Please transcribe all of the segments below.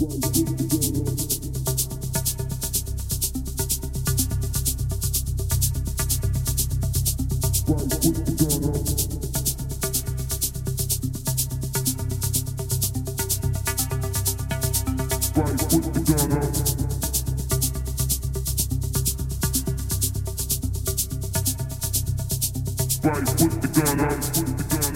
Right, put the gun up, put the gun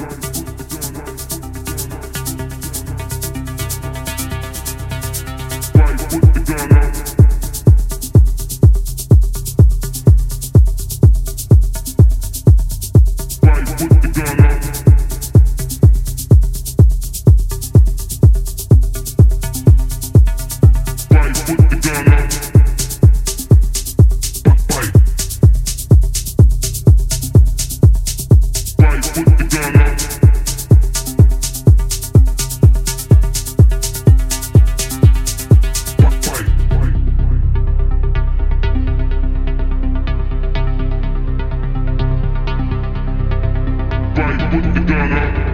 night with the gun up.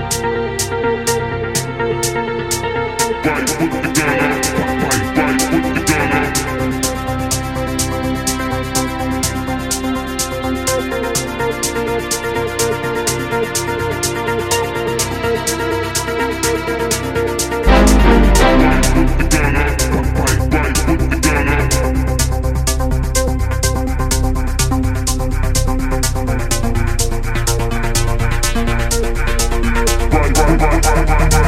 Thank you. vai, vai, vai, vai, vai.